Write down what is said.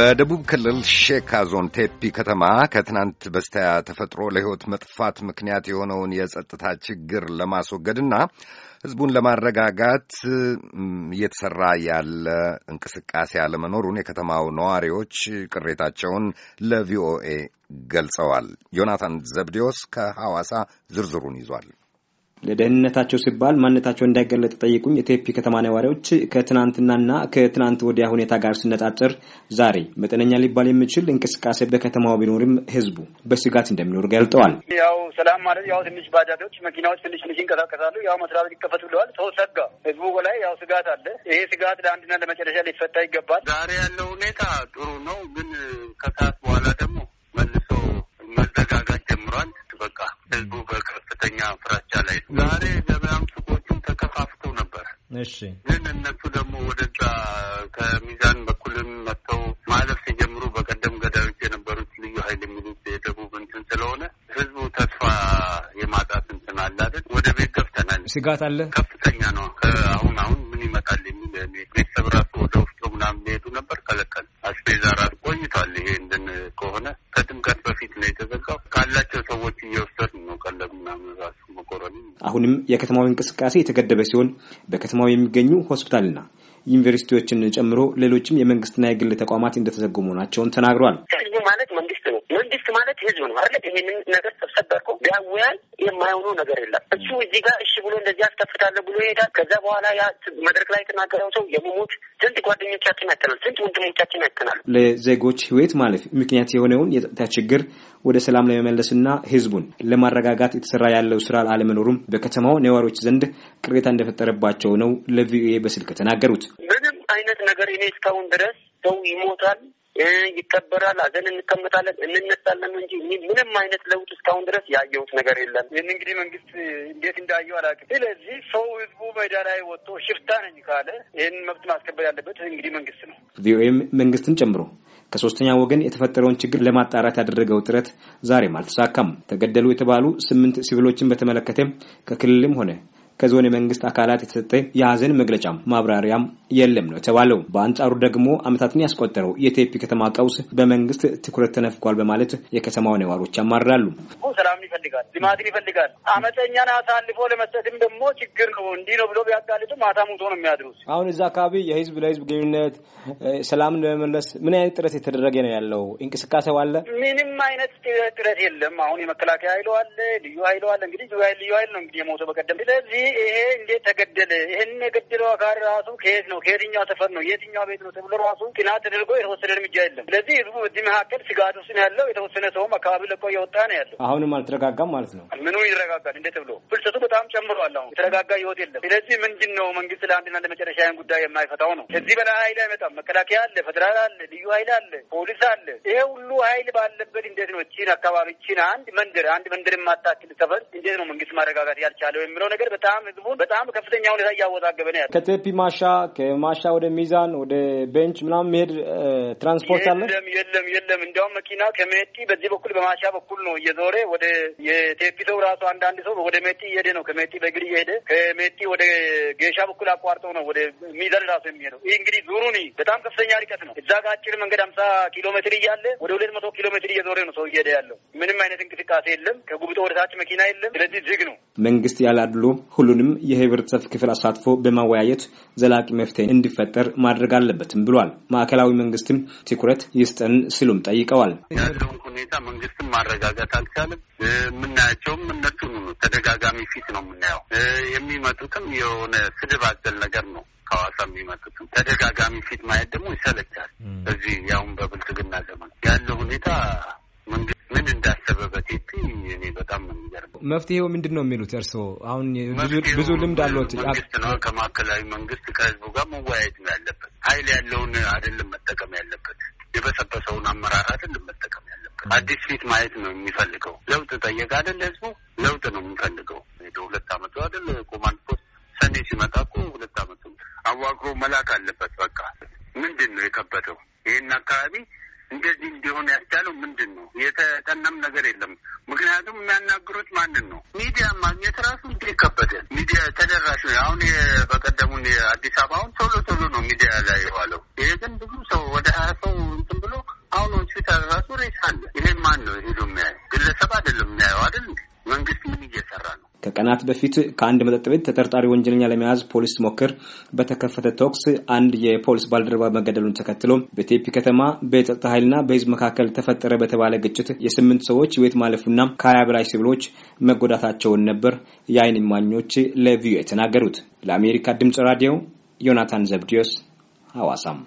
በደቡብ ክልል ሼካ ዞን ቴፒ ከተማ ከትናንት በስቲያ ተፈጥሮ ለሕይወት መጥፋት ምክንያት የሆነውን የጸጥታ ችግር ለማስወገድና ሕዝቡን ለማረጋጋት እየተሰራ ያለ እንቅስቃሴ አለመኖሩን የከተማው ነዋሪዎች ቅሬታቸውን ለቪኦኤ ገልጸዋል። ዮናታን ዘብዴዎስ ከሐዋሳ ዝርዝሩን ይዟል። ለደህንነታቸው ሲባል ማንነታቸው እንዳይገለጥ ጠይቁኝ የቴፒ ከተማ ነዋሪዎች ከትናንትናና ከትናንት ወዲያ ሁኔታ ጋር ሲነጻጸር ዛሬ መጠነኛ ሊባል የሚችል እንቅስቃሴ በከተማው ቢኖርም ህዝቡ በስጋት እንደሚኖር ገልጠዋል። ያው ሰላም ማለት ያው ትንሽ ባጃጆች፣ መኪናዎች ትንሽ ትንሽ ይንቀሳቀሳሉ። ያው መስሪያ ቤት ይከፈት ብለዋል። ሰው ሰጋ፣ ህዝቡ ላይ ያው ስጋት አለ። ይሄ ስጋት ለአንድና ለመጨረሻ ሊፈታ ይገባል። ዛሬ ያለው ሁኔታ ጥሩ ነው፣ ግን ከሰዓት በኋላ ደግሞ መልሶ መዘጋጋት ጀምሯል። በቃ ህዝቡ በከፍተኛ ፍራ ደረጃ ላይ ዛሬ ገበያም ሱቆቹም ተከፋፍተው ነበር። እሺ ግን እነሱ ደግሞ ወደዛ ከሚዛን በኩልም መጥተው ማለፍ ሲጀምሩ በቀደም ገዳዮች የነበሩት ልዩ ኃይል የሚሉት የደቡብ እንትን ስለሆነ ህዝቡ ተስፋ የማጣት እንትን አለ አይደል? ወደ ቤት ገብተናል። ስጋት አለ ከፍተኛ ነው። አሁን አሁን ምን ይመጣል የሚል ቤተሰብ ራሱ ወደ ውስጡ ምናምን ሊሄዱ ነበር ከለከል አስቤዛ ራሱ ቆይቷል። ይሄ እንድን ከሆነ አሁንም የከተማው እንቅስቃሴ የተገደበ ሲሆን በከተማው የሚገኙ ሆስፒታልና ዩኒቨርሲቲዎችን ጨምሮ ሌሎችም የመንግስትና የግል ተቋማት እንደተዘጉ መሆናቸውን ተናግሯል። ማለት መንግስት ዲስክ ማለት ህዝብ ነው አለ። ይሄንን ነገር ሰብሰበርኩ ቢያወያይ የማይሆኑ ነገር የለም። እሱ እዚህ ጋር እሺ ብሎ እንደዚህ ያስከፍታለሁ ብሎ ይሄዳል። ከዛ በኋላ ያ መድረክ ላይ የተናገረው ሰው የሞሞት ስንት ጓደኞቻችን ያክናል፣ ስንት ወንድሞቻችን ያክናል። ለዜጎች ህይወት ማለፍ ምክንያት የሆነውን የጸጥታ ችግር ወደ ሰላም ለመመለስና ህዝቡን ለማረጋጋት የተሰራ ያለው ስራ አለመኖሩም በከተማው ነዋሪዎች ዘንድ ቅሬታ እንደፈጠረባቸው ነው ለቪኦኤ በስልክ ተናገሩት። ምንም አይነት ነገር እኔ እስካሁን ድረስ ሰው ይሞታል ይቀበራል፣ አዘን እንቀመጣለን፣ እንነሳለን እንጂ ምንም አይነት ለውጥ እስካሁን ድረስ ያየሁት ነገር የለም። ይህን እንግዲህ መንግስት እንዴት እንዳየው አላውቅም። ስለዚህ ሰው ህዝቡ ሜዳ ላይ ወጥቶ ሽፍታ ነኝ ካለ ይህን መብት ማስከበር ያለበት እንግዲህ መንግስት ነው። ቪኦኤም መንግስትን ጨምሮ ከሶስተኛ ወገን የተፈጠረውን ችግር ለማጣራት ያደረገው ጥረት ዛሬም አልተሳካም። ተገደሉ የተባሉ ስምንት ሲቪሎችን በተመለከተ ከክልልም ሆነ ከዞን የመንግስት አካላት የተሰጠ የሀዘን መግለጫም ማብራሪያም የለም ነው የተባለው። በአንጻሩ ደግሞ አመታትን ያስቆጠረው የቴፒ ከተማ ቀውስ በመንግስት ትኩረት ተነፍቋል በማለት የከተማው ነዋሪዎች ያማራሉ። ሰላም ይፈልጋል፣ ልማትን ይፈልጋል። አመፀኛን አሳልፎ ለመስጠትም ደግሞ ችግር ነው። እንዲህ ነው ብሎ ቢያጋልጡ ማታ ሙቶ ነው የሚያድሩት። አሁን እዛ አካባቢ የህዝብ ለህዝብ ግንኙነት ሰላምን ለመመለስ ምን አይነት ጥረት የተደረገ ነው ያለው? እንቅስቃሴ አለ? ምንም አይነት ጥረት የለም። አሁን የመከላከያ ኃይል አለ፣ ልዩ ኃይል አለ። እንግዲህ ልዩ ኃይል ነው እንግዲህ የሞተው በቀደም ስለዚህ ይሄ እንዴት ተገደለ? ይህን የገደለው አካል ራሱ ከየት ነው? ከየትኛው ሰፈር ነው? የትኛው ቤት ነው ተብሎ ራሱ ጥናት ተደርጎ የተወሰደ እርምጃ የለም። ስለዚህ ህዝቡ በዚህ መካከል ስጋት ውስጥ ያለው። የተወሰነ ሰውም አካባቢ ለቆ እየወጣ ነው ያለው። አሁንም አልተረጋጋም ማለት ነው። ምኑ ይረጋጋል እንዴ ተብሎ ፍልሰቱ በጣም ጨምሯል። አሁን የተረጋጋ ህይወት የለም። ስለዚህ ምንድን ነው መንግስት ለአንድና ለመጨረሻ ጉዳይ የማይፈታው ነው። ከዚህ በላይ ሀይል አይመጣም። መከላከያ አለ፣ ፌደራል አለ፣ ልዩ ሀይል አለ፣ ፖሊስ አለ። ይሄ ሁሉ ሀይል ባለበት እንዴት ነው ቺን አካባቢ ቺን አንድ መንደር አንድ መንደር የማታክል ሰፈር እንዴት ነው መንግስት ማረጋጋት ያልቻለው የሚለው ነገር በጣም በጣም ህዝቡን በጣም ከፍተኛ ሁኔታ እያወዛገበ ነው ከቴፒ ማሻ ከማሻ ወደ ሚዛን ወደ ቤንች ምናምን መሄድ ትራንስፖርት አለ? የለም የለም የለም። እንዲያውም መኪና ከሜቲ በዚህ በኩል በማሻ በኩል ነው እየዞረ ወደ የቴፒ ሰው ራሱ አንዳንድ ሰው ወደ ሜቲ እየሄደ ነው። ከሜቲ በእግር እየሄደ ከሜቲ ወደ ጌሻ በኩል አቋርጠው ነው ወደ ሚዛን ራሱ የሚሄደው። ይህ እንግዲህ ዙሩኒ በጣም ከፍተኛ ርቀት ነው። እዛ ጋ አጭር መንገድ አምሳ ኪሎ ሜትር እያለ ወደ ሁለት መቶ ኪሎ ሜትር እየዞረ ነው ሰው እየሄደ ያለው። ምንም አይነት እንቅስቃሴ የለም። ከጉብጦ ወደ ታች መኪና የለም። ስለዚህ ዝግ ነው። መንግስት ያላድሉ ሁሉ ሁሉንም የህብረተሰብ ክፍል አሳትፎ በማወያየት ዘላቂ መፍትሄ እንዲፈጠር ማድረግ አለበትም ብሏል። ማዕከላዊ መንግስትም ትኩረት ይስጠን ሲሉም ጠይቀዋል። ያለውን ሁኔታ መንግስትም ማረጋጋት አልቻለም። የምናያቸውም እነሱን ተደጋጋሚ ፊት ነው የምናየው። የሚመጡትም የሆነ ስድብ አዘል ነገር ነው ከሐዋሳ የሚመጡትም ተደጋጋሚ ፊት ማየት ደግሞ ይሰለቻል። እዚህ ያሁን በብልጽግና ዘመን ያለው ሁኔታ መንግስት መፍትሄው ምንድን ነው የሚሉት እርስዎ? አሁን ብዙ ልምድ አለት መንግስት ነው ከማዕከላዊ መንግስት ከህዝቡ ጋር መወያየት ነው ያለበት። ሀይል ያለውን አይደለም መጠቀም ያለበት የበሰበሰውን አመራር አመራራት መጠቀም ያለበት። አዲስ ፊት ማየት ነው የሚፈልገው። ለውጥ ጠየቀ አይደል? ህዝቡ ለውጥ ነው የሚፈልገው። ሄደ ሁለት አመቱ አይደል? ኮማንድ ፖስት ሰኔ ሲመጣ እኮ ሁለት አመቱ አዋቅሮ መላክ አለበት። በቃ ምንድን ነው የከበደው ይህን አካባቢ እንደዚህ እንዲሆን ያስቻለው ምንድን ነው? የተጠናም ነገር የለም። ምክንያቱም የሚያናግሩት ማንን ነው? ሚዲያ ማግኘት ራሱ እንትን ይከበዳል። ሚዲያ ተደራሽ ነው። አሁን በቀደሙን አዲስ አበባውን ሰው ከቀናት በፊት ከአንድ መጠጥ ቤት ተጠርጣሪ ወንጀለኛ ለመያዝ ፖሊስ ሞክር በተከፈተ ተኩስ አንድ የፖሊስ ባልደረባ መገደሉን ተከትሎ በቴፒ ከተማ በጸጥታ ኃይልና በህዝብ መካከል ተፈጠረ በተባለ ግጭት የስምንት ሰዎች ህይወት ማለፉና ከሀያ በላይ ሲቪሎች መጎዳታቸውን ነበር የአይን ማኞች ለቪኦኤ የተናገሩት። ለአሜሪካ ድምጽ ራዲዮ ዮናታን ዘብዲዮስ ሐዋሳም